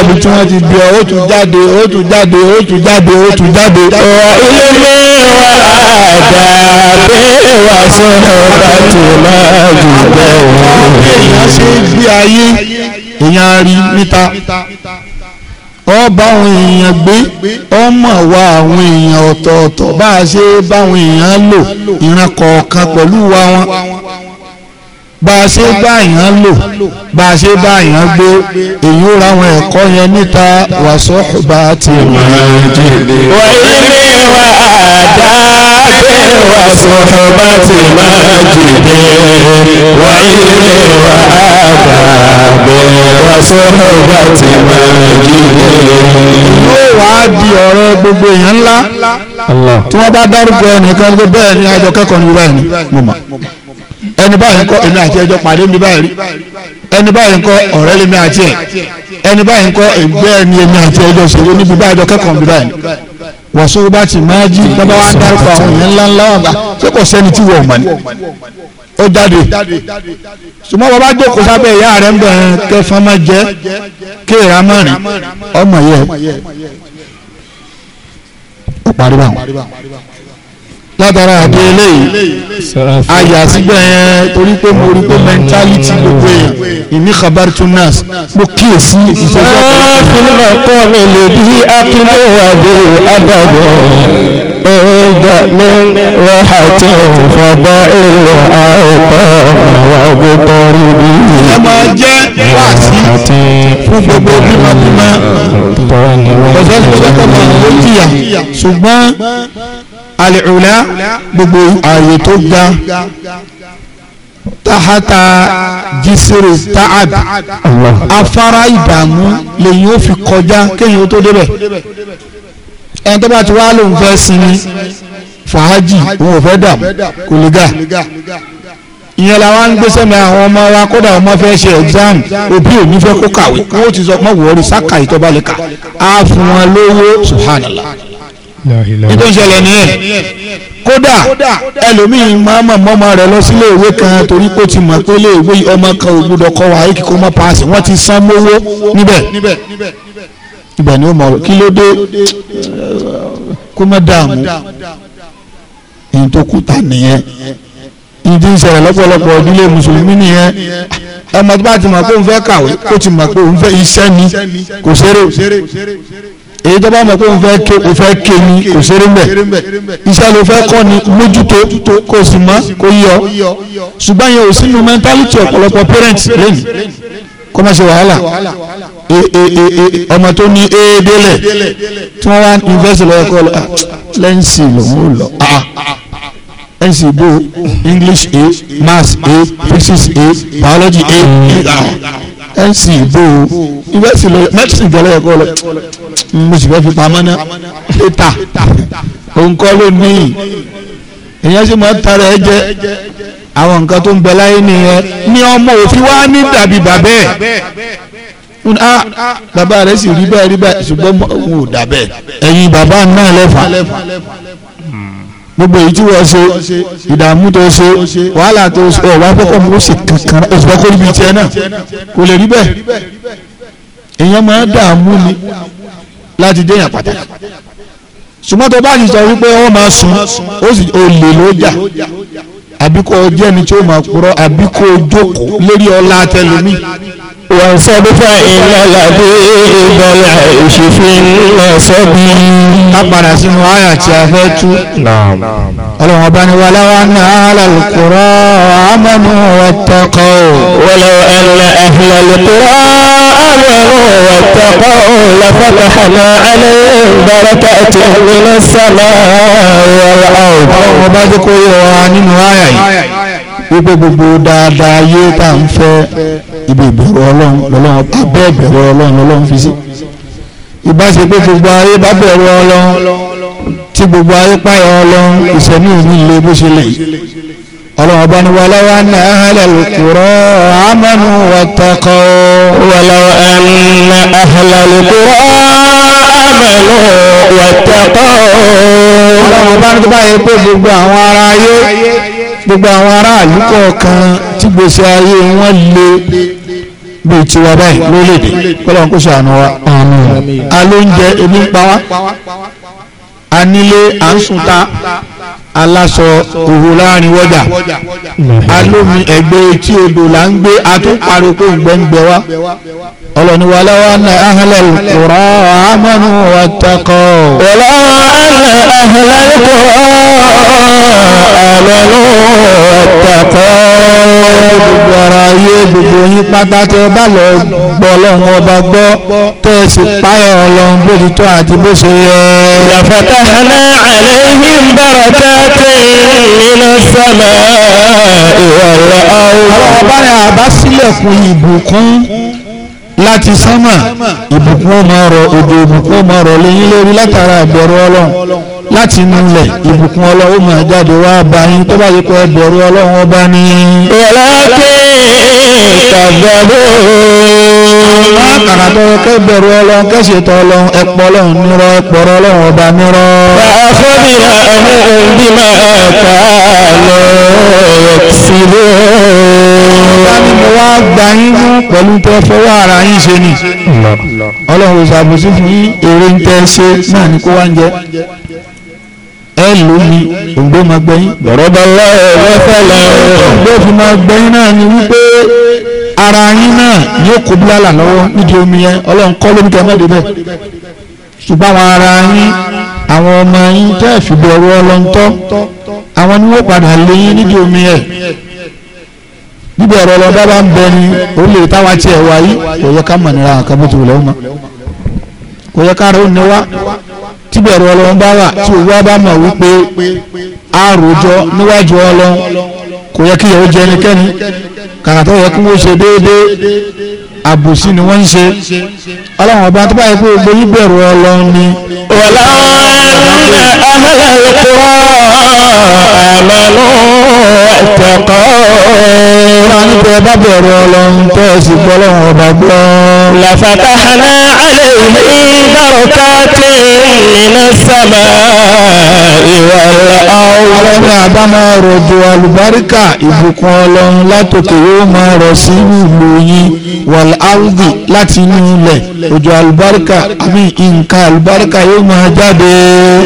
ibi tí wọ́n ti bí ọ ó tún jáde ó tún jáde ó tún jáde ó tún jáde. ọ̀ ilé mi wà dàbí wà sọ̀rọ̀ láti máa jù bẹ́ẹ̀ wọ́n. èèyàn ṣe bí ayé èèyàn rí níta ọ bá àwọn èèyàn gbé ọmọ wa àwọn èèyàn ọ̀tọ̀ọ̀tọ̀ bá a ṣe báwọn èèyàn lò ìran kọ̀ọ̀kan pẹ̀lú wa wọn bá a ṣe bá yàn lò bá a ṣe bá yàn gbé èyí ó ráwọn ẹ̀kọ́ yẹn níta wàṣọ bá a ti mọ̀ jèlè. ilé wa àdáàbẹ̀ wàṣọ bá ti mọ̀ jèlè. wà ilé wa àdáàbẹ̀ wàṣọ bá ti mọ̀ jèlè. yóò wá di ọ̀rọ̀ gbogbo èèyàn ńlá tí wọ́n bá dárúkọ ẹnìkan gbé bẹ́ẹ̀ ni àjọ kẹ́kọ̀ọ́ ni wúrà ẹni mo mọ̀. ẹni báyìí ń kọ́ èmi àti ẹjọ́ pàdé mi báyìí rí ẹni báyìí ń àti ẹni báyìí ń ẹni èmi àti níbi báyìí mi báyìí bá ti máa jí ni ó jáde ṣùgbọ́n bàbá jókòó sábẹ́ ìyá rẹ̀ ń bẹ̀rẹ̀ kẹfọ́n máa jẹ́ kéèrà mọ́rin ọmọ yẹ ọ parí látara àdé eléyìí ayà sígbà yẹn torí pé mo rí pé mẹntálítì gbogbo èèyàn ìní khabar tunas mo kíyèsí ìṣẹ́jọ́ kan. fúnra kọ́ mi lè bí akíndé àdé àdàbọ̀ ẹ̀ẹ́dà ní wàhátì fọba èrò àìkọ́ àwọn agbókọ̀ rí bí. ẹ máa jẹ́ wáàsí fún gbogbo bímọ bímọ ọ̀sẹ̀ ìṣẹ́jọ́ kan máa ń wọ́n ṣùgbọ́n alìcúlá gbogbo ààyè tó ga tahata jisiri ta'ad afárá ìdààmú lèyìn ó fi kọjá kéyìn ó tó débẹ̀ ẹni tó bá ti wá lóun fẹ́ sinmi fàájì òun ò fẹ́ dà kò lè gà ìyẹn la wá ń gbé sẹ́mi àwọn ọmọ wa kódà ọmọ fẹ́ ṣe exam òbí òní fẹ́ kó kàwé wọ́n ti sọ mọ́ wọ́ọ́rì sákà ìtọ́balẹ̀ kà á fún wọn lówó subhanallah nítorí ìṣẹ̀lẹ̀ nìyẹn kódà ẹlòmíín máa mọ̀ mọ́mọ́ rẹ̀ lọ sílé ìwé kan torí kó ti mọ̀ pé ilé ìwé ọmọ kan ò gbúdọ̀ kọ́ wa ayé kíkó mọ́ paasi wọ́n ti san mówó níbẹ̀ ibẹ̀ ni ó mọ̀ kí ló dé kó má dààmú èyí tó kú ta nìyẹn ìdí ìṣẹ̀lẹ̀ lọ́pọ̀lọpọ̀ ìdílé mùsùlùmí nìyẹn ọmọ tó bá ti mọ̀ pé òun fẹ́ kàwé ó ti mọ̀ pé òun fẹ́ iṣẹ́ ni kò ṣeré èyí tó bá mọ̀ pé o fẹ́ ké ni kò ṣeré mbẹ̀ iṣẹ́ ló fẹ́ kọ́ ni mójútó kò sì mọ́ kò yọ ṣùgbọ́n yẹn ò sínú mẹ́ntálítì ọ̀pọ̀lọpọ̀ parents lẹ́nu kó má ṣe wàhálà e, e, e, ọmọ tó ní éédélẹ̀ tí wọ́n wá yunifásitì lọ́wọ́ kọ́ ah, lẹ́ǹsì lòún lọ ẹ̀sìn ìbò English A Maths A Physics A Biology A nc ibo yunifásitì lọ mẹtìrì gẹlẹ ẹkọ lọ mo sì fẹ́ fi pamọ́ náà lẹ́tà òǹkọ́ ló ní yìí èèyàn sì máa ń tara ẹ jẹ àwọn nǹkan tó ń bẹ láyé nìyẹn ní ọmọ òfin wá ní dàbí bàbá ẹ a bàbá rẹ sì rí báyìí rí báyìí ṣùgbọ́n òun ò dà bẹ́ẹ̀ ẹ̀yin bàbá náà lẹ́fà gbogbo èyí tí wọ́n ṣe ìdààmú tó ṣe wàhálà tó ṣe ọ̀wá pẹ́pẹ́ mú sí kankan oṣù tó kórìí tiẹ̀ náà kò lè rí bẹ́ẹ̀ èèyàn máa ń dààmú ni láti déyàn pàtàkì ṣùgbọ́n tó bá sì sọ wípé ó máa sùn ó sì olè ló jà àbí kò jẹ́ni tí ó máa purọ́ àbí kò jókòó ọlá tẹlomi وانصب فإن لبيب العيش في النصب أقبل سنو آيات يا نعم اللهم بان ولو أن أهل القرى آمنوا واتقوا ولو أن أهل القرى آمنوا واتقوا لفتحنا عليهم بركات من السماء والأرض اللهم بان ذكروا وعنين آيات wípé gbogbo dáadáa ayé tá à ń fẹ́ ibi ìbẹ̀rù ọlọ́run lọ́lọ́run abẹ́ ìbẹ̀rù ọlọ́run lọ́lọ́run fi sí ìbá ṣe pé gbogbo ayé bá bẹ̀rù ọlọ́run tí gbogbo ayé páyà ọlọ́run ìṣẹ̀mí òní lè bó ṣe lè ọlọ́run ọba ni walaw anna ahlal qura amanu wattaqaw walaw anna ahlal qura amanu wattaqaw ọlọ́run ọba ni tó bá pé gbogbo àwọn ará ayé gbogbo àwọn aráàlú kọ̀ọ̀kan tí gbèsè ayé wọn le bí tiwa báyìí lórílẹ̀‐èdè kọ́lọ́n kó ṣàánú wa àmín alóúnjẹ ebi ń pa wá anílé à ń sùn ta aláṣọ òwò láàrin wọ́jà alómi ẹgbẹ́ etí odò là ń gbé atúpariwo kó ń gbẹ́ngbẹ́ wa ọlọ́ni wà láwa ní ahẹ́lẹ̀ kùrọ̀ àmọ́nù ọ̀tẹ́kọ̀. wọ́lá ahẹ́lẹ̀ kùrọ̀ àmọ́nù ọ̀tẹ́kọ̀. gbogbo ara ayé gbogbo yín pátá tẹ ẹ bá lọ gbọ́ ọlọ́run ọba gbọ́ tẹ́ ẹ sì páyọ̀ ọlọ́run bó ti tọ́ àti bó ṣe yẹ. لفتحنا عليهم بركات من السماء والأرض ọba ni àbá sílẹ̀kùn ìbùkún láti sánmà ìbùkún ọmọ ọ̀rọ̀ òdò ìbùkún ọmọ ọ̀rọ̀ lẹ́yìn lórí látara ìbẹ̀rù ọlọ́run láti nulẹ̀ ìbùkún ọlọ́run máa jáde wá bá yín tó bá yẹ kó ẹbẹ̀rù ọlọ́run ọba ní. ọlọ́kẹ́ kàgbàgbọ́. àwọn akàrà kẹbẹ̀rù ọlọ́run kẹsìtọ̀ ọlọ́run ẹpọ ọlọ́run nírọ́ ẹpọ̀rọ̀ ọlọ́run ọba nírọ́. àfẹ́bìrà àwọn òbí máa kà á lọ sílé. ọba ni mo wá gbà yín mú pẹ̀lú tẹ fọwọ́ ara yín ṣe ni. ọlọ́run ìṣàbòsí fún yín èrè ń tẹ́ ṣe náà ni kó wá ń jẹ ẹlòmí ògbó máa gbẹ̀yìn. bọ̀rọ̀ bá láyọ̀ ẹ̀rọ fẹ́lẹ̀. ògbó ara yín náà yóò kó búlálà lọ́wọ́ nídìí omi yẹn ọlọ́run kọ́ lómi tẹ́ mẹ́rin bẹ́ẹ̀ ṣùgbọ́n àwọn ara yín àwọn ọmọ yín tẹ́ ẹ̀ fi bẹ̀rù ọlọ́ntọ́ àwọn ni wọ́n padà lé yín nídìí omi yẹn níbi ọ̀rọ̀ ọlọ́dá bá ń bẹ ni orílẹ̀ táwa tiẹ̀ wáyé kò yẹ ká mọ̀ nira àkàbọ̀ bó ti wù lọ́wọ́ kò yẹ ká rò níwá tíbẹ̀ ọ̀rọ̀ ọlọ́run bá wà tí òwúwa bá wípé àròjọ níwájú ọlọ́run kò yẹ kí ìyàwó jẹ ẹnikẹ́ni kàkà tó yẹ kí wọ́n ṣe déédéé àbòsí ni wọ́n ń ṣe ọlọ́run ọba tó bá yẹ kó gbogbo yín bẹ̀rù ọlọ́run ni. wàlá ahàlà ìkúrọ̀ àmàlú ẹ̀tẹ̀kọ́. wọ́n á ní bẹ́ẹ̀ bá bẹ̀rù ọlọ́run tẹ́ ẹ sì gbọ́ ọlọ́run ọba gbọ́. làfàtà hànà àlẹ́ ìlú bàrọ̀kà tẹ̀ nínú sábà ìwà ọ̀la ọlọ́run àbá máa rọ̀jò àlùbáríkà ìbùkún ọlọ́run látòkè yóò máa rọ̀ sí ìlú yín wal ardi láti inú ilẹ̀ òjò àlùbáríkà àmì nǹkan àlùbáríkà yóò máa jáde.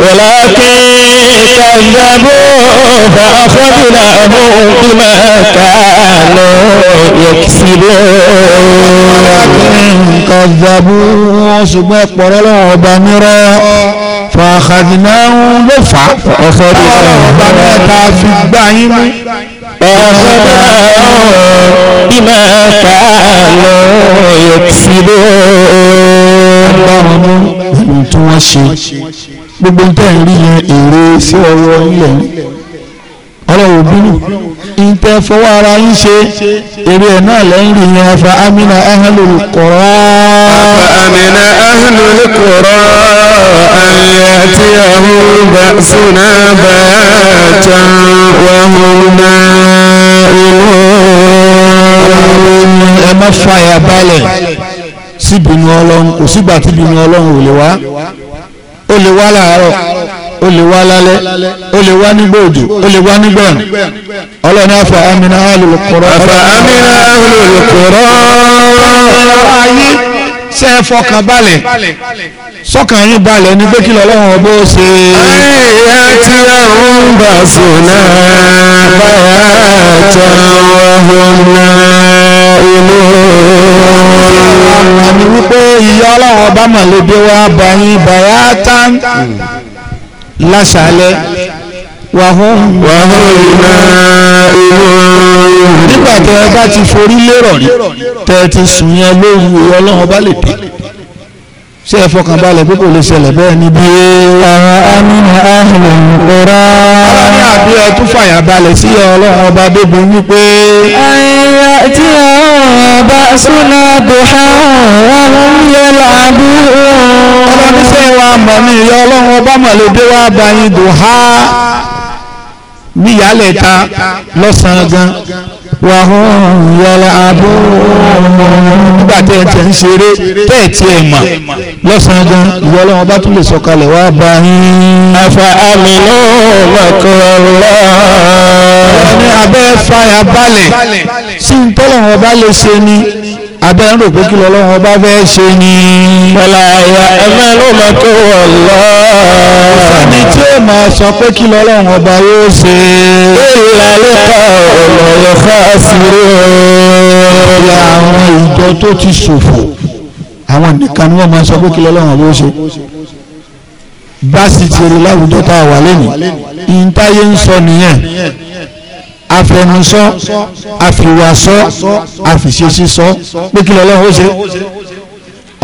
walakin kazzabu fa'akhadnahum bima kanu yaksibun kàzàbù wọn ṣùgbọ́n ẹ̀pọ̀rọ̀ lọ́wọ́ ọba nírọ́ fàkàdínà ló fà ọ̀sẹ̀ bí ọba mẹ́ta fi gbá yín mú. ọ̀sẹ̀ bí mẹ́ta lọ yọ̀tìbó. agbára mú ohun tí wọ́n ṣe gbogbo ń tẹ̀ ń rí yẹn èrè sí ọwọ́ ilẹ̀ ọlọ́run bínú ìtẹ́ fọwọ́ ara yín ṣe eré ẹ̀ náà lẹ́yìn rí yẹn fa amina ahlul qura. fa amina ahlul qura an yatiyahum ba'suna batan wa hum na'imun. ẹ má fàyà balẹ̀ síbìnú ọlọ́run kò sígbà tíbìnú ọlọ́run ò lè wá ó lè wá láàárọ̀ ó lè wá lálẹ́ ó lè wá nígbà òjò ó lè wá nígbà ẹ̀rùn ọlọ́ni afa amina ahlul qura. afa amina ahlul qura. ọ̀rọ̀ ayé ṣe é fọkàn balẹ̀ sọ́kàn yín balẹ̀ ní pé kí lọ́lọ́run ọbọ̀ ṣe. ayé àti àwọn bá sùnà báyà tó wọ́n náà inú. àmì wípé ìyá ọlọ́run ọba màlẹ́bí wa bá yín bàyá tán lásàálẹ̀ wàhún wàhún iná ìwọ̀n nígbà tẹ́ ẹ bá ti forí lérọ̀ rí tẹ́ ẹ ti sùn yẹn lóru ọlọ́run bá lè dé ṣe é fọkàn balẹ̀ pé kò lè ṣẹlẹ̀ bẹ́ẹ̀ níbi. àwọn amínà ahìlẹ̀ ń kóra. ara ní àbí ẹ tún fàyà balẹ̀ sí ọlọ́run ọba débi wípé. àyà tí àwọn bá súná dùhà wọn ń yẹ làbí. ọlọ́run wa mọ̀ ní ìyá ọlọ́run ọba mọ̀lẹ́dẹ́ wa bá yín dùhà níyàlẹ̀ ta lọ́sàn-án gan wàhùn yẹlẹ abó nígbà tẹ́ ẹ tẹ́ ń ṣeré tẹ́ ẹ tiẹ̀ mọ̀ lọ́sàn-án gan ìwọ ọlọ́run bá tún lè sọ̀kalẹ̀ wá bá yín. afa àmì náà mọ̀kọ́ lọ. ní abẹ́ fàyà balẹ̀ sí ń tọ́lọ̀ wọn bá lè ṣe ni abẹ́ ń rò pé kí lọ́lọ́run ọba fẹ́ ṣe ni. Bọ́lá ayá ẹgbẹ́ ló máa tó wọ̀ lọ. Sani tí ó máa sọ pé kí lọ́lọ́run ọba yóò ṣe. Ìlàlẹ́ ká ọ̀rọ̀ yẹn fáṣírò. Ìyá àwọn ìjọ tó ti ṣòfò, àwọn nìkan ni wọ́n máa sọ pé kí lọ́lọ́run ọba yóò ṣe. Bá sì ti rí láwùjọ tá a wà lẹ́nu, ìntayé ń sọ nìyẹn afẹnusọ àfiwàsọ àfiṣesísọ pé kí lọ́lọ́run ó ṣe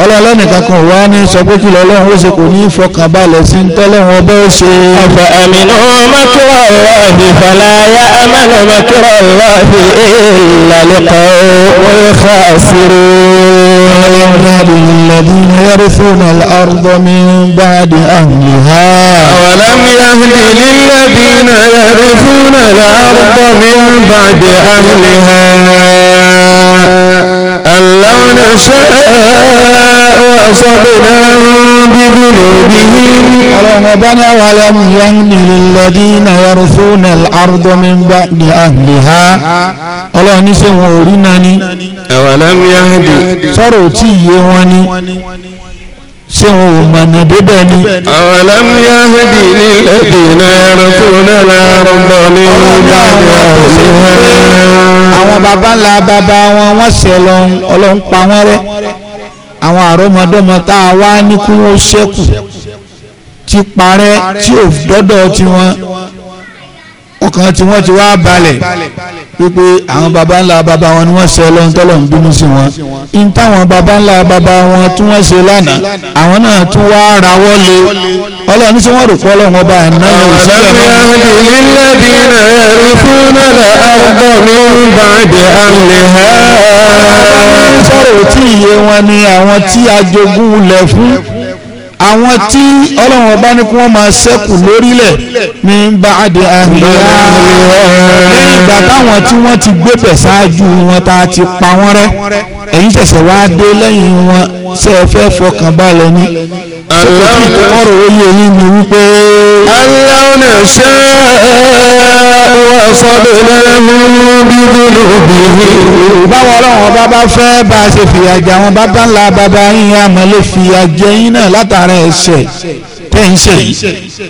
ọlọ́ọ̀lọ́ nìkan kan wá ní sọ pé kí lọ́lọ́run ó ṣe kò ní ìfọkànbalẹ̀ sí ń tọ́lọ́run ọbẹ̀ ó ṣe. ọ̀fà àmìnà makira Allahi falaya amana makira Allahi illa liqa wal khasirin. والأولاد للذين يرثون الأرض من بعد أهلها أولم يهد للذين يرثون الأرض من بعد أهلها أن لو نشاء أصبناهم بذنوبهم ربنا ولم يهد للذين يرثون الأرض من بعد أهلها الله نسمع ورناني awalam yahdi sọ̀rọ̀ tí yé wọn ni ṣé wọn ò mọ̀nà débẹ̀ ni. awalam yahdi lilladhina yarithuna al-arda min ba'di ahliha. àwọn baba ńlá baba wọn wọ́n ṣe lọ pa wọ́n rẹ́ àwọn àrọ́mọdọ́mọ tá a wá ní kí wọ́n ti parẹ́ tí ò dọ́dọ̀ tiwọn ọkàn tiwọn ti wá balẹ̀ wípé àwọn baba ńlá baba wọn ni wọ́n ṣe ọlọ́run tọ́lọ̀ ń bínú sí wọn in táwọn baba ńlá baba wọn tí wọ́n ṣe lánàá àwọn náà tún wá rawọ́ lé ọlọ́run tí wọ́n rò pé ọlọ́run ọba àná ìṣẹ̀lẹ̀ náà. ọ̀rọ̀ mi nílẹ̀ bí ẹ̀rí fún náírà àrùbọ̀ mi ń bá ìdè àmì ha. sọ̀rọ̀ tí ìyé wọn ni àwọn tí a jogún lẹ̀ fún àwọn tí ọlọ́run ọba ní kí wọ́n máa ṣẹ́kù lórílẹ̀ ní báàdì àríyá lẹ́yìn ìgbà táwọn tí wọ́n ti gbébẹ̀ ṣáájú wọn tá a ti pa wọ́n rẹ́ ẹ̀yin ṣẹ̀ṣẹ̀ wá dé lẹ́yìn wọn ṣe é fẹ́ fọkàn balẹ̀ ni ọ̀rọ̀ oyè yìí ni wípé. aláwọ̀nà ṣe wà sọ́dọ̀ lẹ́nu bíbélì obìnrin. báwo ọlọ́run bá bá fẹ́ bá a ṣe fìyà jẹ àwọn bàbá ńlá bàbá yín àmọ́ lè fìyà jẹ yín náà látara ẹ̀ṣẹ̀ tẹ́ ń ṣe yìí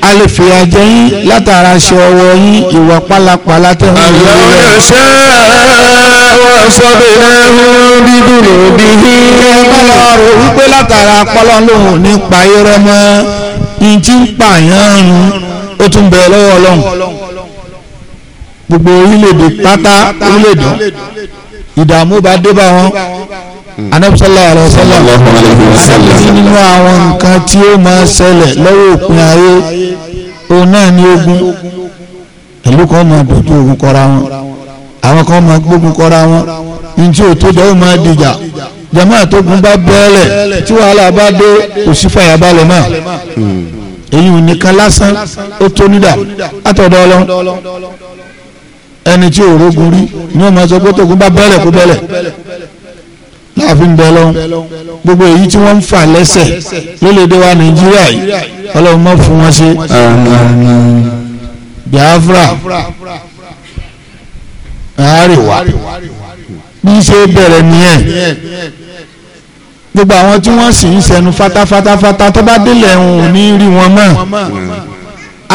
a lè fi ajẹ yín látara aṣọ ọwọ́ yín ìwà pálapàla tẹ́ ń lò lórí rẹ̀. àlọ́ ṣe wọ́n sọ pé ẹ̀hún dídùn òbí yín. kí ẹ bá lọ rò wípé látara pọ́lọ́ lòun nípa irọ́ mọ́ ní ti ń pààyàn rún ó tún bẹ̀ lọ́wọ́ ọlọ́run gbogbo orílẹ̀-èdè pátá orílẹ̀-èdè ìdààmú bá dé bá wọn. anábísọ́lá àlọ́sọ́lá nínú àwọn nǹkan tí ó máa ṣẹlẹ̀ lọ́wọ́ òpin ayé òun náà ní ogun ìlú kan máa dojú ogun kọra wọn àwọn kan máa gbógun kọra wọn ní tí máa dìjà jama tó bá bẹ́ẹ̀lẹ̀ tí wàhálà bá dé balẹ̀ èyí ò nìkan lásán ó tó nídà látọ̀dọ̀ láàfin bẹ́lọ́n gbogbo èyí tí wọ́n ń fà lẹ́sẹ̀ lólédè wa nàìjíríà yìí ọlọ́run mọ́ fún wọn ṣe biafra àárẹ̀wá bí ṣe bẹ̀rẹ̀ nìyẹn gbogbo àwọn tí wọ́n sì ń sẹnu fátáfátáfátá tó bá délẹ̀ òun ò ní rí wọn mọ́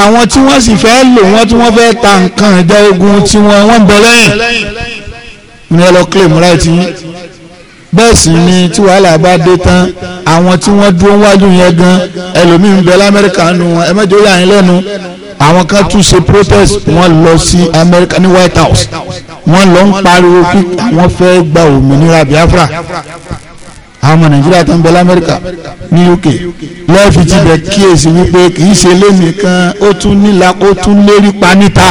àwọn tí wọ́n sì fẹ́ lò wọ́n tí wọ́n fẹ́ ta nǹkan ìjà ogun tiwọn wọ́n ń bẹ lẹ́yìn ní ẹ lọ claim right yín bẹ́ẹ̀ sì ni tí wàhálà bá dé tán àwọn tí wọ́n dúró wájú yẹn gan ẹlòmíì ń bẹ lamẹ́ríkà nù wọn ẹ mẹ́jọ yà yín lẹ́nu àwọn kan tún ṣe protest wọ́n lọ sí amẹ́ríkà ní white house wọ́n lọ ń pariwo pé àwọn fẹ́ gba òmìnira biafra àwọn ọmọ nàìjíríà tó ń bẹ lamẹ́ríkà ní uk lọ́ọ̀fì ti bẹ̀ kíyèsí wípé kì í ṣe lé nìkan ó tún nílá ó tún lérí pa níta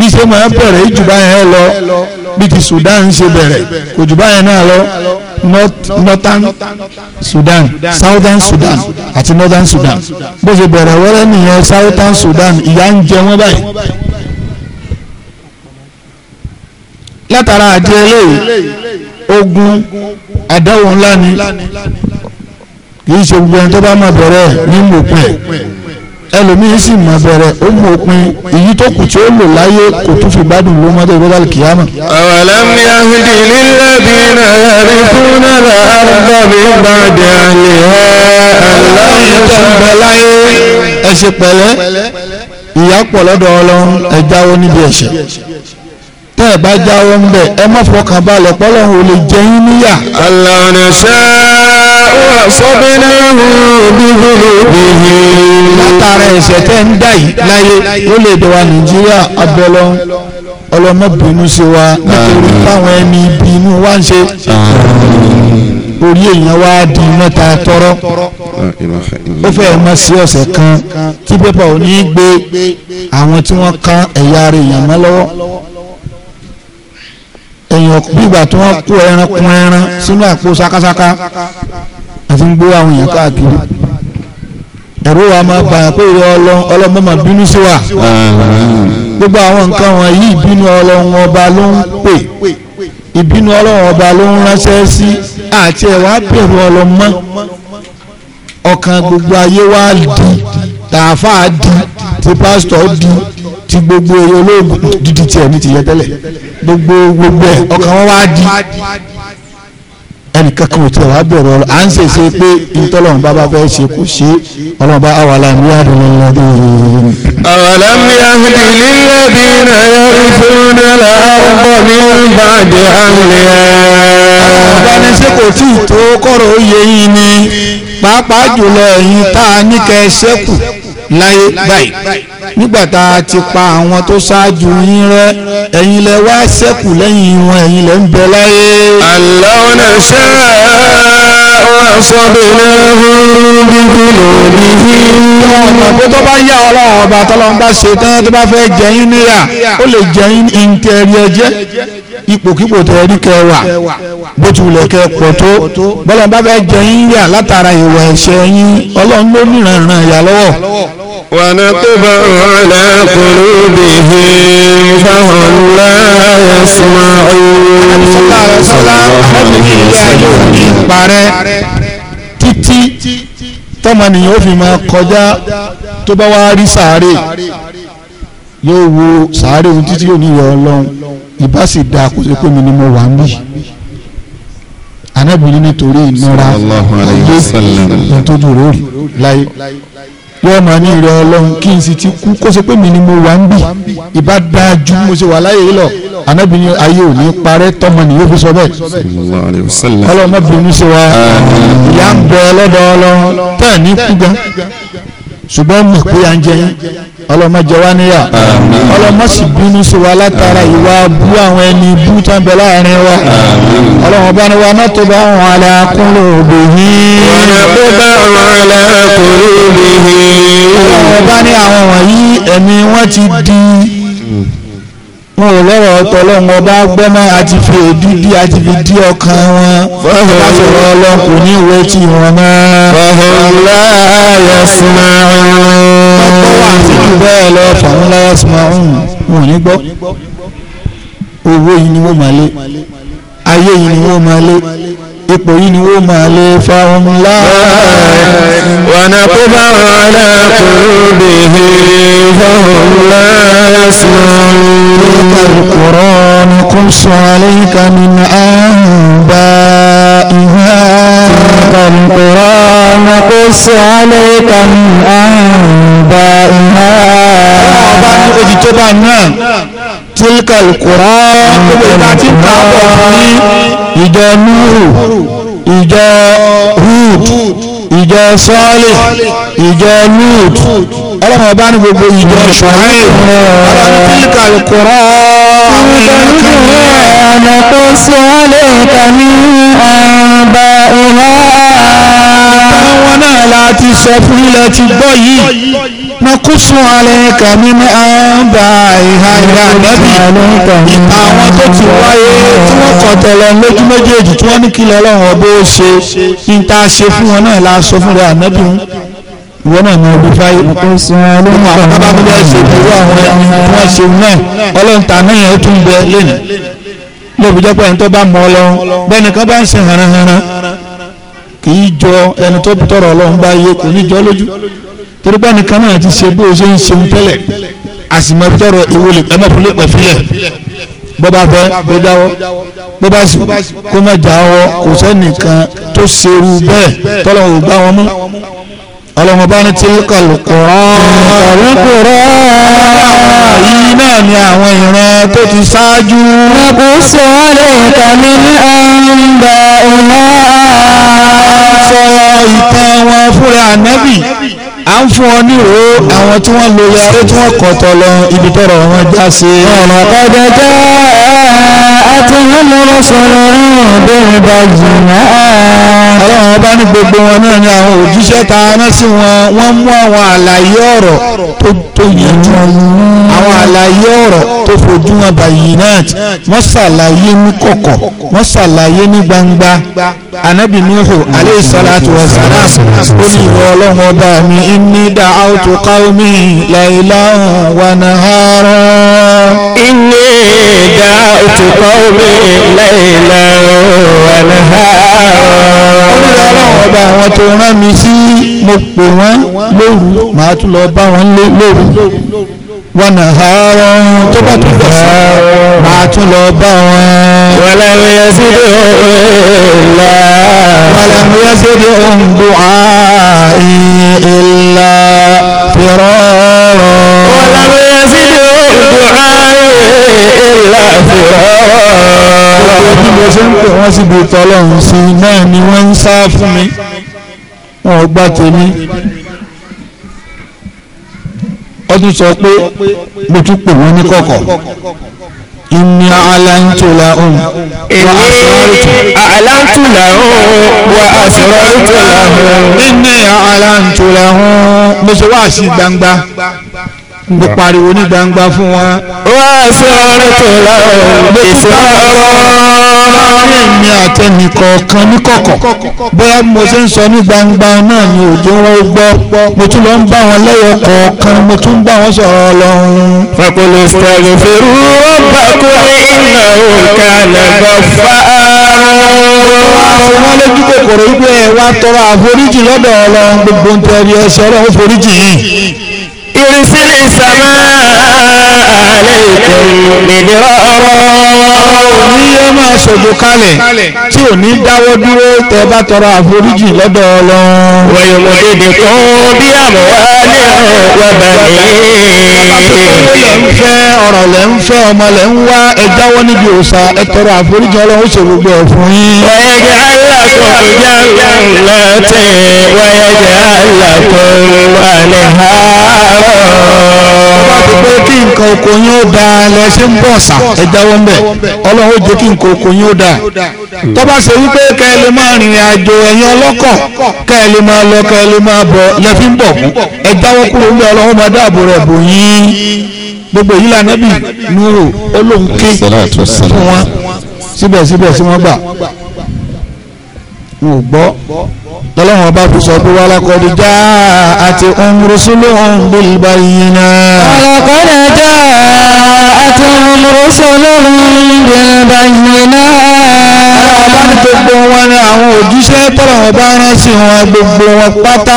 bí ṣe máa bẹ̀rẹ̀ ìjùbá yẹn lọ bí ti Sudan ṣe bẹ̀rẹ̀ kò jùbá yẹn náà lọ northern Sudan southern Sudan àti northern Sudan bó ṣe bẹ̀rẹ̀ wẹ́rẹ́ nìyẹn southern Sudan ìyà ń jẹ wọ́n báyìí. látara àti eléyìí ogun àdáwò ńlá ni kì í ṣe gbogbo ẹni tó bá máa bẹ̀rẹ̀ ní mòpin ẹlòmíín sì mọ̀ bẹ̀rẹ̀ ó mú òpin èyí tó kù tí ó lò láyé kò tún fi gbádùn ló mọ́tò ìgbé báyìí kìyàmà. awalam yahdi lilladhina yarithuna al-ardha min ba'di ahliha Allah yóò bẹ̀ láyé ẹ ṣe pẹ̀lẹ́ ìyá pọ̀ lọ́dọ̀ Ọlọ́run ẹ jáwọ́ níbi ẹ̀ṣẹ̀ tẹ́ ẹ̀ bá jáwọ́ ń bẹ̀ ẹ má fọkàn balẹ̀ pọ́lọ́hún ò lè jẹ yín níyà. àlànà ṣẹ́ wà sọ́bẹ̀lẹ̀ ọ̀hún látara ẹ̀ṣẹ̀ tẹ́ ń dá yìí láyé ó lè wa nàìjíríà abẹ́lọ́ ọlọ́mọbìnrin sí wa nítorí táwọn ẹni ibi inú ń ṣe orí èèyàn wá di mẹ́ta tọ́rọ́ ó fẹ́ mọ́ sí ọ̀sẹ̀ kan tí pépà ò ní gbé àwọn tí wọ́n kan ẹ̀yà ara èèyàn mọ́ lọ́wọ́ èèyàn gbígbà tí wọ́n kó ẹran kun ẹran sínú àpò sakasaka àti ń gbó àwọn èèyàn káàkiri ẹ̀rọ wa máa gbà pé ìwé ọlọ́mọ máa bínú sí wa gbogbo àwọn nǹkan wọ̀nyí ìbínú ọlọ́run ọba ló ń pè ìbínú ọlọ́run ọba ló ń ránṣẹ́ sí àti ẹ̀wá bẹ̀rù ọlọ́mọ ọkàn gbogbo ayé wa di tààfà di ti pásítọ̀ di ti gbogbo olóògùn dídí tiẹ̀ ní ti yẹ tẹ́lẹ̀ gbogbo gbogbo ẹ̀ ọkàn wọn wá di ẹnìkan kan ò tiẹ̀ wá bẹ̀rẹ̀ ọ̀rọ̀ à ń ṣe ṣe pé ìtọ́lọ́run bá bá fẹ́ ṣe kò ṣe ọlọ́run bá àwọn aláìní yàrá lọ́dún yìí. أولم يهد للذين يرثون الأرض من بعد أهلها ọ̀gbani ṣe kò tí ì tó kọ́rọ̀ oyè yìí ni pàápàá jùlọ ẹ̀yin tá a ní kẹ́ ẹ ṣẹ́kù láyé báyìí nígbà tá a ti pa àwọn tó ṣáájú yín rẹ́ ẹ̀yin lẹ wá ṣẹ́kù lẹ́yìn wọn ẹ̀yin lẹ ń bẹ láyé. àlọ́ náà ṣe ọ̀sọ́bìnrin bíbí lòdì. ọ̀nà pé tó bá yá ọlọ́run ọba tọ́lọ́run bá ṣe tán tó bá fẹ́ jẹyìn níyà ó lè jẹyìn ìǹtẹ̀rì ẹ̀jẹ̀ ipòkípò tẹ̀ rí kẹwàá bó ti wulẹ̀ kẹ pọ̀ tó bọ́lá bá fẹ́ jẹyìn níyà látara ìwà ẹ̀ṣẹ̀ yín ọlọ́run ló níranran ìyà lọ́wọ́. ونطبع على قلوبهم فهم لا يسمعون títí tọ́mọnìyàn ó fi máa kọjá tó bá wá rí sàárè yóò wo sàárè ohun títí yóò ní ìyọ̀ ìbá sì dáa kó ṣe pé mi ni mo wà ń bì anábìrin nítorí ìnira ayé ìtọ́jú rẹ̀ láyé yóò máa ní ìrẹ Ọlọ́run kí n sì ti kú kó ṣe pé mi ni mo wà ń bì ìbá dáa ju mo ṣe wà láyé lọ Ànábì ayé ò ní parẹ́ tọmọ nìyó fi sọ bẹ́ẹ̀ Ọlọ́run mọbìnrin ṣe wa ìyá ń bẹ ọlọdọ Ọlọ́run ní kú gan ṣùgbọ́n mọ̀ pé à ń jẹ yín ọlọ́mọ jẹ wá níyà ọlọ́mọ sì bínú sí wa látara ìwà bú àwọn ẹni bú tán bẹ láàrin wa ọlọ́mọ bá ní wa náà tó bá wọn alẹ́ akúnlò òbèyí. wọn tó bá wọn alẹ́ akúnlò òbèyí. ọlọ́mọ bá ní àwọn wọ̀nyí ẹ̀mí wọn ti di wọn ò lọ́rọ̀ ọ̀tọ̀lọ́wọ́ bá gbọ́mọ́ àti fi èdúdí àti fi dí ọkàn wọn fọ́fọ́rọ́ ọlọ́kùn ní ìwé tí wọ́n máa. fọ́fọ́rọ́ láàyè sinmi jù bẹ́ẹ̀ lọ fàwọn láyà sí máa ń wọ̀n ní gbọ́ owó yìí ni wọ́n máa lé ayé yìí ni wọ́n máa lé ipò yìí ni wọ́n máa lé fáwọn ńlá. wọnà kó bá wọn lẹ́kùn bèbè fáwọn ńlá sùn. tilka alquran qussu alayka min anba'iha. tilka alquran qussu alayka min anba'iha ti tó bá náà tilkal kura gbogbo ìgbà tí ń ta bọ̀ ní ìjọ núhù ìjọ hud ìjọ sọ́ọ̀lì ìjọ lúùd ọlọ́run ọba ní gbogbo ìjọ ṣùgbọ́n ọlọ́run tilkal kura àwọn ìjọ kan ní ọ̀nà tó sí ọ̀lẹ́ ìkànnì ọ̀nba àwọn náà la sọ fún ilẹ̀ ti gbọ́ yìí nakusu alayka min anba'iha ya nabi ìta àwọn tó ti wáyé tí wọ́n kọ̀ tẹ́lẹ̀ lójú méjèèjì tí wọ́n ní kí lọ́lọ́run ọba ó ṣe kí n ta ṣe fún wọn náà la sọ fún rẹ ànábì ń ìwọ náà ní ọdún fáyé nínú àwọn abábílẹ̀ ṣe pẹ̀lú àwọn ẹni wọ́n ṣe náà ọlọ́run ta náà yẹn tún bẹ lẹ́nu lóbi jẹ́ pé ẹni tó bá mọ ọ lọ bẹ́ẹ̀ nìkan bá ń ṣe hànàhànà kì í jọ ẹni tó tọrọ ọlọ́run bá yé kò ní jọ lójú torí pé ẹnìkan náà ti ṣe bó o ṣe ń ṣeun tẹ́lẹ̀ àsìmọ́ tọrọ ìwọlé ẹ má fúlẹ̀ pẹ̀fílẹ̀ bó bá fẹ́ kó jáwọ́ bó bá sì kó má jáwọ́ kò sẹ́nìkan tó ṣerú bẹ́ẹ̀ tọ́lọ́run ò bá wọn mú ọlọ́run bá ní tílíkà lùkùrọ́ lùkùrọ́ yìí náà ni àwọn ìran tó ti ṣáájú. nàbùsọ̀ lè kàmí ń bá òun náà ìtàn wọn fúnra ànábì à ń fún ọ nírò àwọn tí wọ́n lo yàrá tí wọ́n kọ̀tọ̀ lọ ibi tọrọ wọn já sí. ọ̀rọ̀ kọjá jẹ́ جاءتهم رسلهم بالبينات ọlọ́run ọba ní gbogbo wọn náà ni àwọn òjíṣẹ́ ta rán sí wọn wọ́n mú àwọn àlàyé ọ̀rọ̀ tó yanjú àwọn àlàyé ọ̀rọ̀ tó fojú wọn bayinat wọ́n ṣàlàyé ní kọ̀kọ̀ wọ́n ṣàlàyé ní gbangba anabi nuhu aleyhi salatu wa salam ó ní ọlọ́run ọba mi inni da'awtu qawmi laylan wa nahara. inni دعوت قومي ليلا ونهارا àwọn tó rán mi sí mo pè wọ́n lóru màá tún lọ bá wọn lóru wọn nà á rán tó bá tún bọ̀ sí màá tún lọ bá wọn. wàlẹ̀ mi yẹ sí bí ìlà. wàlẹ̀ mi yẹ sí bí ìlà. ìlà fìrọ́. gbogbo bí mo ṣe ń pè wọ́n síbi tọ́lọ́run sí náà ni wọ́n ń sá fún mi wọn ò gbà tèmi ó tún sọ pé mo tún pè wọ́n ní kọ̀kọ̀ inni alantu lahum wa asrartu alantu lahum wa asrartu lahum inni alantu lahum mo ṣe wá sí gbangba mo pariwo ní gbangba fún wọn. wá sí ọrùn tó lọ gbèsè ọ̀rọ̀. èmi àtẹnì kọ̀ọ̀kan ní kọ̀kọ̀ bóyá mo ṣe ń sọ ní gbangba náà ni òjò wọn ó gbọ́ mo tún lọ ń bá wọn lẹ́yọ̀ kọ̀ọ̀kan mo tún ń bá wọn sọ̀rọ̀ ọlọ́run. fakolo sọ̀rọ̀ fèrú ọ̀pọ̀kùnrin iná òkè alẹ́ gbọ́ fáárọ̀ wọ́n lójú kòkòrò wípé ẹ tọrọ àforíjì lọ́dọ̀ ọlọ́run gbogbo ń tẹ̀rí sàmà àlẹ́kùn mìdírọ̀ ọ̀rọ̀. ní yóò máa ṣojú kalẹ̀ tí ò ní dáwọ́ dúró tẹ́ bá tọrọ àforíjì lọ́dọ̀ Ọlọ́run. wẹ̀yọ̀mọ̀ dèdè kan bí àmọ̀wálẹ̀ wàbà ní. fẹ́ ọ̀rọ̀ lẹ̀ ń fẹ́ ọmọ lẹ̀ ń wá ẹ níbi òòṣà ẹ àforíjì Ọlọ́run ṣe gbogbo ẹ̀ yín. wẹ́ẹ́gẹ́ alákọ̀ọ́ yàrá ńlá tẹ̀ wẹ́ẹ́gẹ́ alákọ̀ọ́ wà ní ha nǹkan oko yín ó da lẹ ṣe ń bọ̀ ṣà ẹ jáwọ́ ń bẹ̀ ọlọ́run ó jẹ́ kí nǹkan oko yín ó da tó bá ṣe wípé kẹ́ ẹ lè máa rìnrìn àjò ẹ̀yin ọlọ́kọ̀ kẹ́ ẹ lè máa lọ kẹ́ ẹ lè máa bọ̀ lẹ fi ń bọ̀ fún ẹ jáwọ́ kúrò ń bẹ̀ ọlọ́run máa dáàbò rẹ̀ bò yín gbogbo yìí lànà bì nírò ó ké fún wọn síbẹ̀síbẹ̀ sí wọn gbà wọn ò gbọ́ lọ́lọ́wọ́n ọba fi sọ pé wàhálà kọ́ di já àti ọmọrúsúlẹ̀ ọ̀hún bíi báyìí náà. wàhálà já àti ọmọrúsúlẹ̀ ọ̀hún bíi náà ọlọ́run gbogbo wọn ni àwọn òjíṣẹ́ tọ́lọ́run bá rán sí wọn gbogbo wọn pátá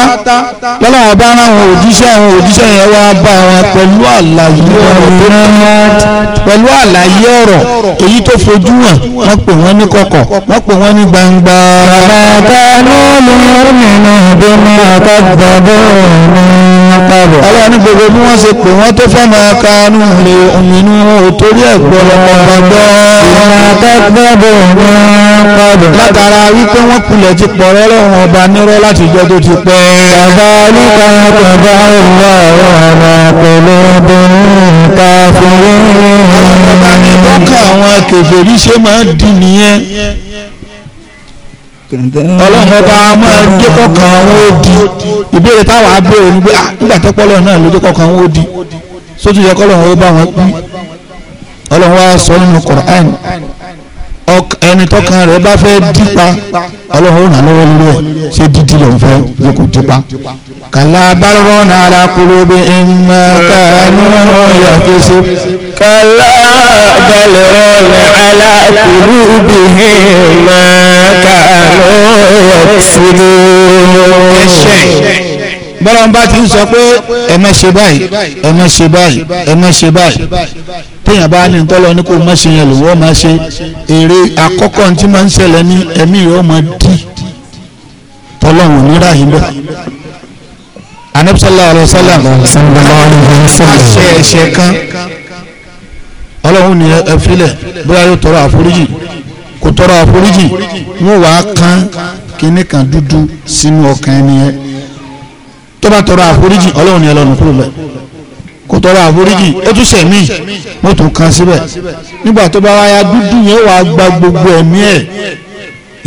tọ́lọ́run bá rán àwọn òjíṣẹ́ àwọn òjíṣẹ́ yẹn wá bá wọn pẹ̀lú àlàyé ọ̀rọ̀ pẹ̀lú àlàyé ọ̀rọ̀ èyí tó fojú hàn wọ́n pè wọ́n ní kọ̀kọ̀ wọ́n pè wọ́n ní gbangba. bàbá lóòlù mìíràn bí wọn àtàgbàdo ní pàbọ̀. ọlọ́run gbogbo bí wọ́n ṣe pè wọ́n tó fẹ́ máa kanú lè òmìnira kẹ́gbẹ́bọ̀ wọn padà. látara wípé wọ́n kulẹ̀ ti pọ̀ rọ́lọ́run ọba nírọ́ láti jọ tó ti pẹ́. bàbá olùkọ́ bàbá ọ̀la ọ̀la pẹ̀lú obìnrin ta fún un. ọkọ̀ àwọn kèfèrí ṣe máa ń di nìyẹn ọlọ́run ọba máa ń jẹ́ kọ̀ọ̀kan àwọn odi ìbéèrè táwọn abéèrè ní pé ah, nígbà tó pọ́lọ́ náà ló jẹ́ kọ̀ọ̀kan àwọn odi sótú yẹ kọ́lọ́run ó bá wọn pín ọlọ́run wá sọ nínú ẹni tọkàn rẹ bá fẹ́ dípa ọlọ́run ràn lọ́wọ́ lórí ẹ̀ ṣé dídí ló ń fẹ́ yẹ kó dípa. kàlá bárọ̀ náà la kúrò bí ẹnìmọ̀ kánú ọ̀yà fèsì. kàlá bárọ̀ náà la kúrò bí ẹnìmọ̀ kánú ọ̀yà fèsì. ẹ̀ṣẹ̀ bọ́lá ti ń sọ pé ẹ má ṣe báyìí ẹ má ṣe báyìí ẹ má ṣe báyìí téèyàn bá ní ntọ́lọ ní kó má ṣe yẹn lòun ó má ṣe èrè àkọ́kọ́ tí máa ń ṣẹlẹ̀ ní ẹ̀mí rẹ̀ ó máa dì tọ́lọ́hún nírà yìí bẹ́ẹ̀. anabi sallallahu alayhi wa sallam àṣẹ ẹ̀ṣẹ̀ kan ọlọ́run ní ẹ filẹ̀ bóyá yóò tọrọ àforíjì kò tọrọ àforíjì wọn wàá kan kinní kan dúdú sínú ọkàn ẹni yẹn tó bá tọrọ àforíjì ọlọ́run ní ẹ lọ́nu kúrò bẹ́ẹ̀ kò tọrọ àforíjì ó tún sẹ̀mí wọ́n tún kan síbẹ̀ nígbà tó bá wáyà dúdú yẹn wàá gba gbogbo ẹ̀mí ẹ̀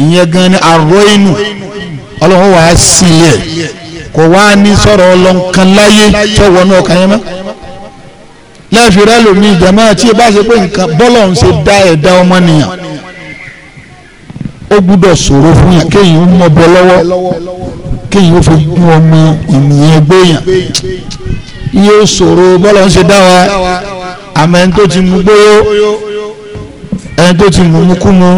ìyẹn gan ni àrọ́ inú ọlọ́run wàá sí ilẹ̀ kò wá ní sọ̀rọ̀ ọlọ́nkan láyé tó wọnú ọkàn yẹn mọ́ lẹ́ẹ̀fì rẹ lòmí ìjàmọ́ tí ẹ bá ṣe pé nǹkan bọ́lọ̀ ń ṣe dá ẹ̀dá ọmọnìyàn ó gbúdọ̀ ṣòro fún yàn kéèyàn ó mọ bọ lọ́wọ́ kéèyàn ó fi gún ọmọ ènìyàn gbé yàn yóò ṣòro bọ́lá ń ṣe dá wa àmọ́ ẹni tó ti mú gbóyó ẹni tó ti mú mú kú mu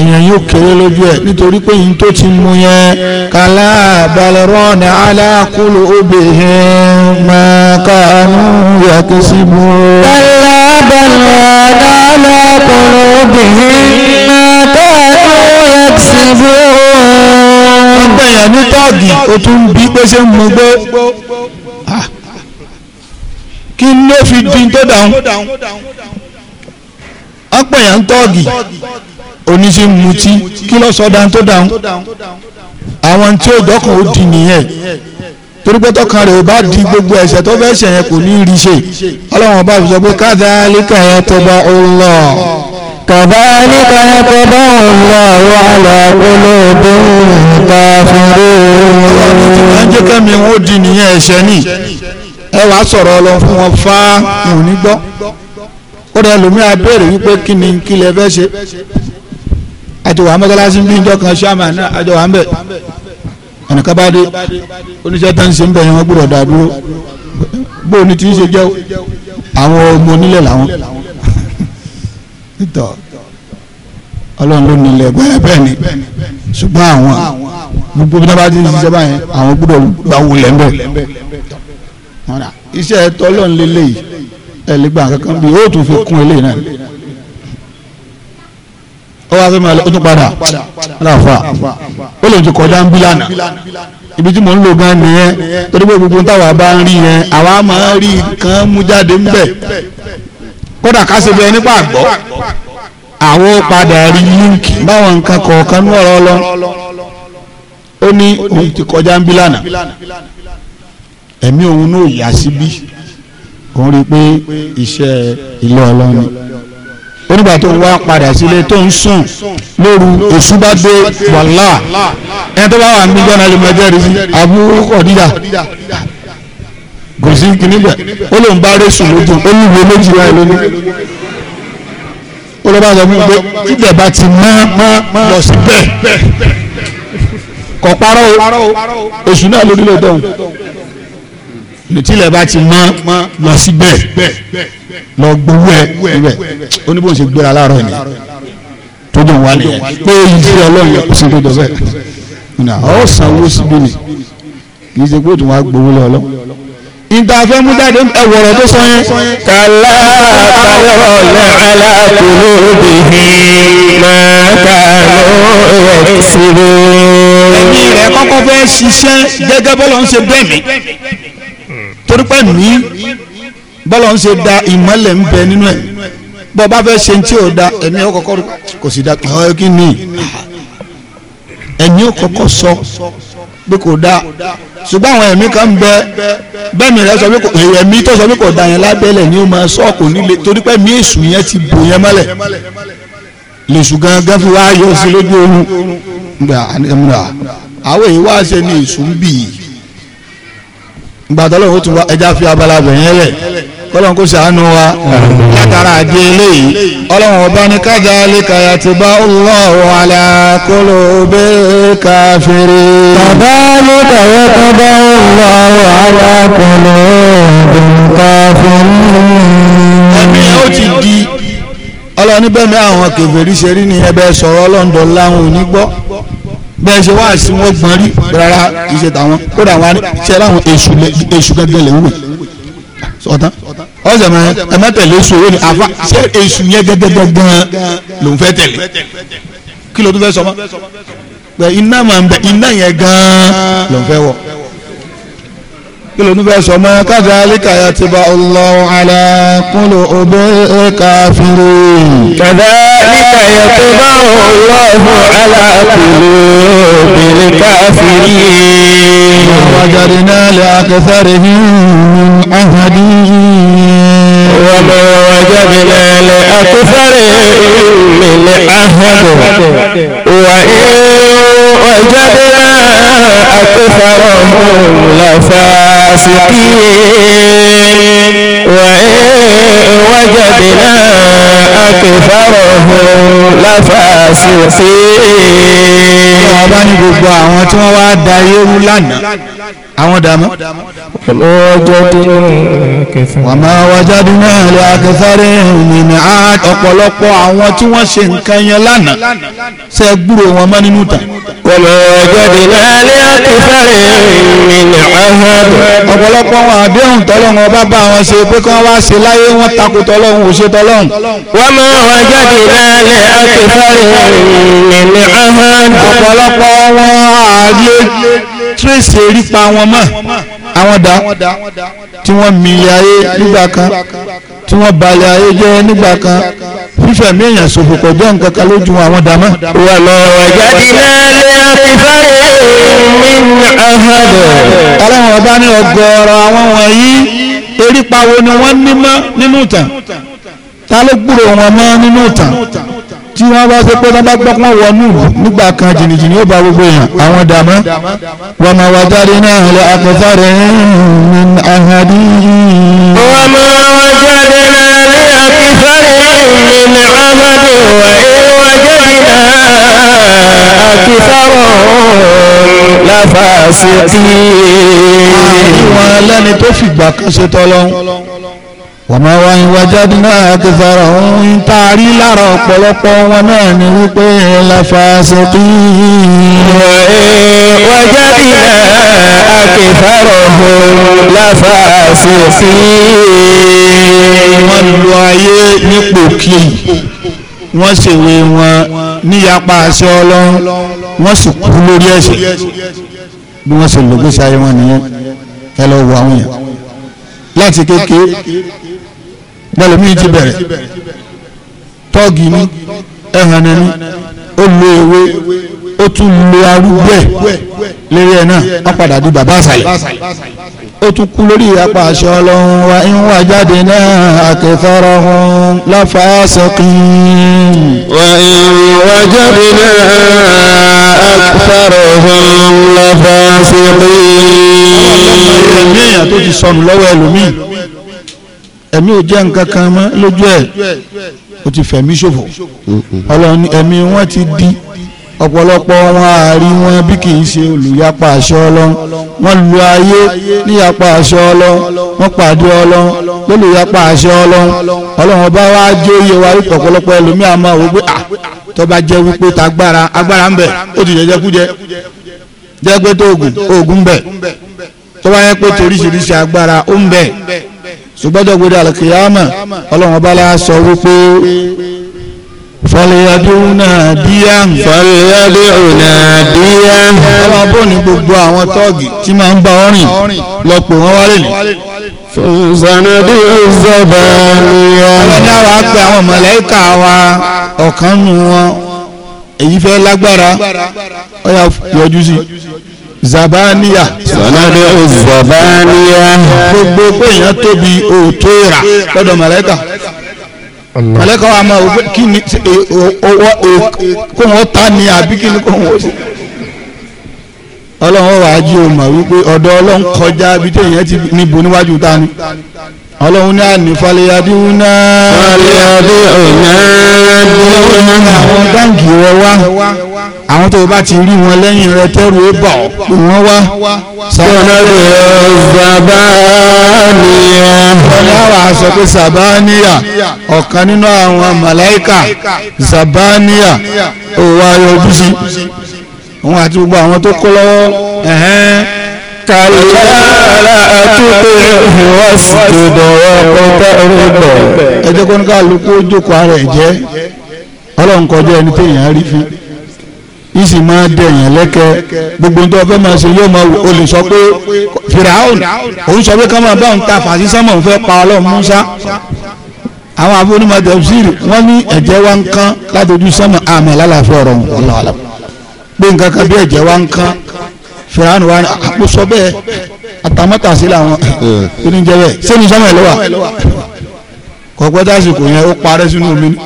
èèyàn yóò kéré lójú ẹ nítorí pé yìí tó ti mú yẹn kàlá balẹ̀rọ́ọ̀nì aláàkúlù obìnrin mẹ́kànú yàtọ̀ sí mu. kàlá balẹ̀rọ́ọ̀nì aláàkúlù obìnrin mẹ́kànú yàtọ̀ sí mu. ọgbẹ́ ní tọ́ọ̀gì ó tún bí pé ṣé ń mú gbé. Ah, kí ló fi dín tó dáhùn ọ̀pẹ̀yà ń tọ́ọ̀gì oníṣẹ́ mutí kí ló sọ dáhùn tó dáhùn àwọn tí ó dọ́kàn ó di nìyẹn torí pé tọkàn rẹ̀ ò bá di gbogbo ẹ̀ṣẹ̀ tó fẹ́ ṣẹ̀ yẹn kò ní rí ṣe ọlọ́run ọba fi sọ pé kadhalika yatba'u Allah. kadhalika yatba'u Allahu ala qulubil kafirin. ọlọ́run ti máa ń jẹ́ kẹ́mi ó di nìyẹn ẹ̀ṣẹ̀ ni ẹ wàá sọ̀rọ̀ ọlọ́run fún wọn fá wọn ò ní gbọ́ ó rẹ lómìnira béèrè wípé kí ni kí lẹ fẹ́ ṣe àti wàá mọ́tàlásí bí ìjọ kan ṣáàmà náà àjọ wàá ń bẹ̀ ẹnìkan bá dé oníṣẹ́ tó ń ṣe ń bẹ̀ yẹn wọ́n gbúdọ̀ dá dúró bó ni tí ń ṣe jẹ́ àwọn ọmọ onílẹ̀ làwọn títọ́ ọlọ́run ló nílẹ̀ bẹ́ẹ̀ bẹ́ẹ̀ ni ṣùgbọ́n àwọn gbogbo bí wọ́n bá ti ṣiṣẹ́ báyẹn àwọn gbúdọ̀ gbà wulẹ̀ ń bẹ̀. mọ́ra iṣẹ́ tọ́lọ́ nílé yìí ẹ kankan tún fi kún ilé náà ó wá fẹ́ máa ó tún padà ráfa ó lè ti kọjá ń ibi tí mò ń lò gan nìyẹn torí pé gbogbo táwa bá ń rí yẹn àwa máa ń rí nǹkan mú jáde ń bẹ̀ kódà ká ṣe bẹ nípa àgbọ̀ àwọn padà rí kọjá ń ẹ̀mí òun náà yà síbí òun rí i pé iṣẹ́ ilé ọlọ́run onígbà tó wá padà sílé tó ń sùn lóru oṣù bá dé wàhálà ẹni tó bá wà ní gbọ́nà lè mọ ẹjẹ́ rí abúrú kọ̀díjà gòsì kìnnìbẹ̀ ó lóun bá rẹ̀ sùn lójú ó ní ìwé méjì láì lónìí ó lọ́ bá sọ fún mi pé ilẹ̀ bá ti mọ́ lọ síbẹ̀ kọ̀ parọ́ oṣù náà lórílẹ̀ dọ́hùn tílẹ̀ bá ti mọ́ lọ síbẹ̀ lọ gbowó ẹ níbẹ̀ ó ṣe gbéra láàárọ̀ ni tó dùn wá nìyẹn pé ìdílé ọlọ́run yẹ kó sí tó jọ bẹ́ẹ̀ ọ̀ sanwó síbí ni kì í ṣe pé ó wá gbowó lọ lọ ìgbà fẹ́ mú jáde ẹwọ̀rọ̀ tó sọ yẹn. kàlá kàlọ́ lẹ́hàlá kúrò bìhí máa kàlọ́ ẹ̀sìrò. ẹ̀mí rẹ̀ kọ́kọ́ fẹ́ ṣiṣẹ́ gẹ́gẹ́ bọ́lá ń ṣe bẹ́ẹ̀ mi torí pé mí bọ́lá ń ṣe da ìmọ́lẹ̀ ń bẹ nínú ẹ̀ bọ́ bá fẹ́ ṣe tí ò da ẹ̀mí ọ̀ kọ́kọ́ kò sì da ọ̀ kí ni ẹ̀mí ọ̀ kọ́kọ́ sọ pé kò da ṣùgbọ́n àwọn ẹ̀mí kan bẹ bẹ́ẹ̀ni rẹ sọ pé kò ẹ̀mí tó sọ pé kò da yẹn lábẹ́lẹ̀ ni ó máa sọ kò nílé torí pé mí èṣù yẹn ti bò yẹn mọ́lẹ̀ lèṣù gangan fi wá yọ sí lójú oorun gbà àwọn èyí wá ṣe ní èṣù ń bì yìí. gbàtọ́ lọ́wọ́ tún wá ẹja fi abala bẹ̀ yẹn lẹ̀ kọ́lọ́n kó wa látara eléyìí ọlọ́run ọba ní kájà lẹ́ka ti bá ọlọ́run alákòló bẹ́ẹ̀ bàbá ló kàwé tó bá ọlọ́run alákòló bẹ́ẹ̀ ẹ̀mí ó ti di àwọn ṣe rí ni sọ̀rọ̀ bẹ́ẹ̀ ṣe wá sí wọn gbọ́n rí rárá iṣẹ́ tàwọn kódà wọn ṣe láwọn èṣù gẹ́gẹ́ lè wúwo sọ̀tàn ọ̀sẹ̀ mọ̀ ẹ má tẹ̀lé èṣù owó ni àfa ṣé èṣù yẹn gẹ́gẹ́ gbọ́n lòún fẹ́ tẹ̀lé kí ló tún fẹ́ sọ mọ́ pé iná máa ń bẹ iná yẹn gan-an lòún fẹ́ wọ̀. كلنا بس ما كذلك يتبع الله على قلوب الكافرين كذلك يتبع الله على قلوب الكافرين وجرنا لأكثرهم من عهدين وما وجبنا لأكثرهم من وإن وجبنا أكثرهم لفاق الفاسقين وإن وجدنا أكثرهم لفاسقين ọba ní gbogbo àwọn tí wọ́n wá da yéwu lánàá àwọn dàmú. wọ́n máa wájà dúná lè akẹ́sáré ìrìnà ọ̀pọ̀lọpọ̀ àwọn tí wọ́n ṣe nǹkan yẹn lánàá ṣe gbúrò wọn mọ́ nínú ìtàn. وما وجدنا لأكثر من عهد ọ̀pọ̀lọpọ̀ wọn àdéhùn tọ́lọ́hún ọba bá wọn ṣe pé kí wọ́n wá ṣe láyé wọn takò tọ́lọ́hún ò ṣe tọ́lọ́hún. wọ́n máa wá jáde lálẹ́ akẹ́kọ̀ọ́ ìrìnnì ahọ́n. ọ̀pọ̀lọpọ̀ wọn ààyè tírèsì erípa wọn mọ̀ àwọn dá tí wọ́n mìíràn ayé nígbà kan tí wọ́n balẹ̀ ayé jẹ́ nígbà kan fífẹ̀ mí èèyàn ṣòfò jẹ́ nǹkan kan lójú àwọn dàmọ́. wà lọ́wọ́ jáde náà lé àfihàn mi ahàdọ̀. ọlọ́run ọba ní ọgọ́rọ̀ àwọn wọ̀nyí erípawo ni wọ́n ní mọ́ nínú ìtàn ta ló gbúrò wọn mọ́ nínú ìtàn tí wọ́n bá ṣe pé wọ́n bá gbọ́pọ̀ wọnú nígbà kan jìnnìjìnnì ó bá gbogbo èèyàn àwọn dàmọ́ wa ma wajadna ala akthari min ahadi. wa ma wajadna. من عمل وإن وجدنا أكثرهم لفاسقين àwọn ẹlẹ́ni tó fìgbà kan ṣe tọ́lọ́hún wàmọ́ wọn ìwájáde náà akẹ́sàrà òun ń taari lára ọ̀pọ̀lọpọ̀ wọn náà ni wípé lafasiqi. ìwájáde náà akẹ́sàrà òun lafasiqi ayé nípò kíì wọ́n ṣèwé wọn níyapa àṣẹ ọlọ́run wọ́n sì kú lórí ẹ̀ṣẹ̀ bí wọ́n ṣe lògbèsè ayé wọn nìyẹn ẹ lọ wo àwọn yẹn láti kékeré bọ́ọ̀lù mi ti bẹ̀rẹ̀ tọ́ọ̀gì ni ẹ̀hàn ẹni ó lo ewé ó tún lo arúgbó ẹ̀ lérí ẹ̀ náà wọ́n padà di bàbá àṣàlẹ̀ ó tún kú lórí ìyapa àṣẹ ọlọ́run wa ń jáde náà àkẹfọ́rọ̀ hun láfàásọ́kìn. wà ń jáde náà àkẹfọ́rọ̀ hun láfàásọ́kìn. ẹ̀mí èèyàn tó ti sọnù lọ́wọ́ ẹlòmíì ẹ̀mí ò jẹ́ nǹkan kan mọ́ lójú ẹ̀ ó ti fẹ̀mí ṣòfò ọlọ́run ẹ̀mí wọn ti di ọ̀pọ̀lọpọ̀ wọn àárí wọn bí kì í ṣe olùyapa àṣọ ọlọ́run wọ́n lu ayé níyapa àṣọ ọlọ́run wọ́n pàdé ọlọ́run lólùyapa àṣọ ọlọ́run ọlọ́run ọba wa jẹ́ oyè wa wípé ọ̀pọ̀lọpọ̀ ẹlòmíà máa wò pé à ah, tọ́ba jẹ́ wípé tagbára agbára ń bẹ ó ti jẹ́ jẹ́kújẹ́ jẹ́ pé tó oògùn oògùn ń tọ́ba yẹ pé toríṣiríṣi agbára ó ń bẹ ṣùgbọ́n jọ́gbọ́dọ̀ àlùkìyàmọ̀ ọlọ́run ọba la sọ wípé fọlẹ́yàdúnà díà fọlẹ́yàdúnà díà ọlọ́bọ̀ ní gbogbo àwọn tọ́ọ̀gì tí máa ń bá ọrìn lọ́pọ̀ wọn wálé ní fòsànàdé ìzọba nìyà ọlọ́ni àwọn àgbẹ̀ àwọn mọ̀lẹ́kà wa ọ̀kan nù wọn èyí fẹ́ lágbára ó yá yọjú sí zabaniya sanade o zabaniya gbogbo pé èèyàn tóbi òótó ìrà lọ́dọ̀ mọ̀lẹ́kà mọ̀lẹ́kọ̀ wa máa wọ́pẹ́ kí ni e, kó wọ́n ta ni àbí kí ni kó wọ́n sí. ọlọ́run wàá jí o mọ̀ wípé ọ̀dọ̀ ọlọ́run kọjá bí téèyàn ti níbo níwájú ta ni. ọlọ́run ní àní falẹ̀yàdíhùn náà. falẹ̀yàdíhùn náà. àwọn báńkì wọ wá àwọn tó bá ti rí wọn lẹ́yìn rẹ tẹ́rù ó bà ọ́ pé wọ́n wá. sọ́nàrì sàbáníyà. ọ̀làwà sọ pé sàbáníyà ọ̀kan nínú àwọn màláìkà sàbáníyà ó wá yọjú sí òun àti gbogbo àwọn tó kó lọ́wọ́ kàlùlá àtúntò ìwọ́sùdùdọ̀ ọ̀pọ̀ rúbọ̀. ẹ jẹ́ kó ní kálukú ó jókòó ara ẹ̀ jẹ́ ọlọ́run kọjá ẹni téèyàn rí fún un ìsì máa dẹ̀yìn lẹ́kẹ́ gbogbo ń tó ọfẹ́ máa ṣe yóò máa o lè sọ pé firaun òun sọ pé ká máa bá òun ta fàṣísọ́mọ̀ ń fẹ́ pa ọlọ́run Musa àwọn afúnimọ̀ tẹ̀síìrì wọ́n ní ẹ̀jẹ̀ wa ń kán látọjú sọ́mọ̀ àmì lálàáfíà ọ̀rọ̀ ọ̀làwàlà pé nǹkan kan bí ẹ̀jẹ̀ wa ń kán firaun wa ni àpò ah, sọ bẹ́ẹ̀ àtàmọ́tàsí làwọn oníjẹ́ bẹ́ẹ̀ sẹ́ni sọ́mọ̀ ẹ̀ lọ́wà kọ̀ọ̀pẹ́ dásìkò yẹn ó parẹ́ sínú omi ni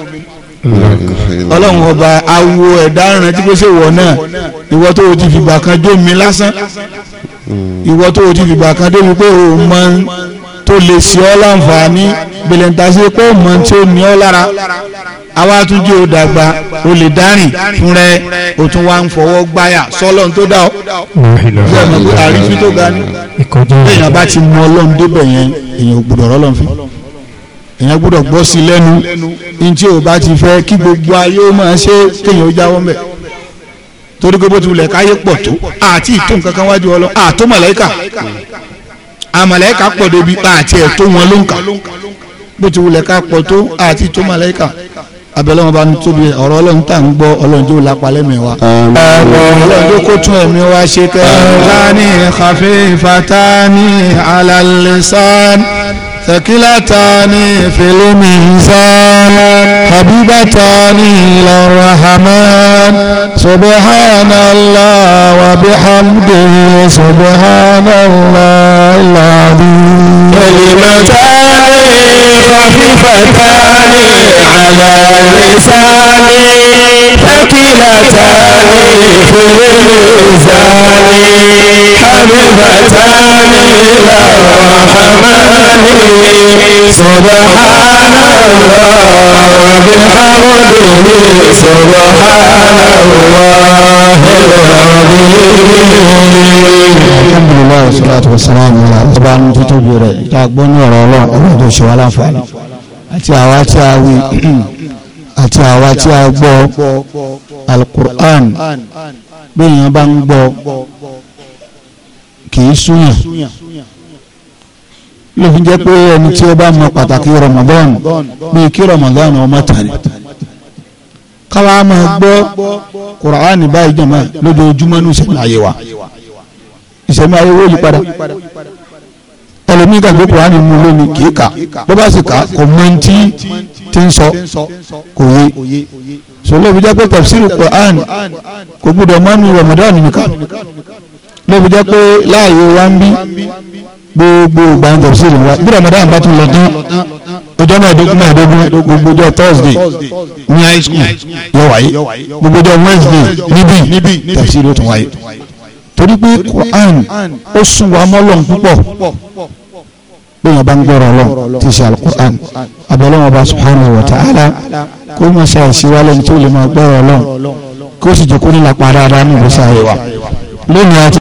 ọlọ́run ọba awo ẹ̀dá ọ̀ràn tí kò ṣe wọ̀ náà ìwọ tó o ti fìgbà kan jó mi lásán ìwọ tó o ti fìgbà kan débi pé o mọ tó lè ṣe ọ́ láǹfààní bẹ̀lẹ̀ntàṣe pé o mọ tí o ní ọ́ lára àwa tún jẹ́ o o lè dárìn fún rẹ o tún wá ń fọwọ́ gbáyà sọ́lọ́n tó dá ọ́ ṣé ọmọ àrífi tó ga ni bẹ́ẹ̀ yẹn bá ti mú ọlọ́run débẹ̀ yẹn èèyàn ò gbọdọ̀ èèyàn gbọ́dọ̀ gbọ́ sí lẹ́nu ní tí bá ti fẹ́ kí gbogbo ayé ó máa ṣe kéèyàn ó jáwọ́ mẹ́ torí pé bó ti wulẹ̀ káyé pọ̀ tó àti ìtò nǹkan kan wájú ọlọ àtó màláìkà àmàláìkà pọ̀ débi àti ẹ̀tọ́ wọn ló ń kà bó ti wulẹ̀ ká pọ̀ tó àti ìtò màláìkà abẹ́lẹ́ bá ń tóbi ọ̀rọ̀ ọlọ́run tá à ń gbọ́ ọlọ́run tó lápá lẹ́mìí wa. ọlọ́run tó kó tún ẹ̀mí wa ṣe kẹ́. ọ̀la ní kàfé fatani ثقلتان في الميزان حبيبتان إلى الرحمن سبحان الله وبحمده سبحان الله العظيم كلمتان خفيفتان على لساني ثقلتان في الميزان ونبتان إلى الرحمن سبحان الله وبحمده سبحان الله العظيم الحمد لله والصلاة والسلام على أبان تتبير تاقبون وراء الله أرادو شوالا فعلا àti àwa tí a wí àti àwa tí a gbọ́ alukur'an bí èèyàn bá ń gbọ́ kì í súyàn ló fi jẹ́ pé ẹni tí ó bá mọ pàtàkì Ramadan bíi kí Ramadan ọmọ tàrí káwa máa gbọ́ Kùránì báyìí jàmá lójoojúmọ́ ní ìṣẹ̀lẹ̀ ayé wa ìṣẹ̀lẹ̀ ayé wo yí padà ẹlòmíín kàgbé Kùránì mú lónìí kì í kà bó bá sì kà kò mọ tí tí ń sọ kò yé sọlá òbí jẹ́ pé tafsir Kùránì kò gbúdọ̀ mọ́nú Ramadan nìkan lóbi jẹ́ pé láàyè wa ń bí gbogbo gbàǹdọ̀ sí ìrìnwá bí Ramadan bá tún lọ tán ọjọ́ mẹ́ẹ̀ẹ́dógún mẹ́ẹ̀ẹ́dógún gbogbo ọjọ́ Thursday ní high school yọ wáyé gbogbo ọjọ́ Wednesday níbí tẹ̀sí ló tún wáyé torí pé Quran ó sùn wá mọ́lọ́n púpọ̀ bóyá bá ń gbọ́rọ̀ lọ ti ṣe alukur'an abẹ́lẹ́wọ̀n bá subhanahu wa ta'ala kó má ṣe àṣìwálẹ̀ ní tí ó lè máa gbọ́rọ̀ lọ kó sì jẹ́ kó ní lápá dáadáa ní ìgbésí ayé wa lónìí àti.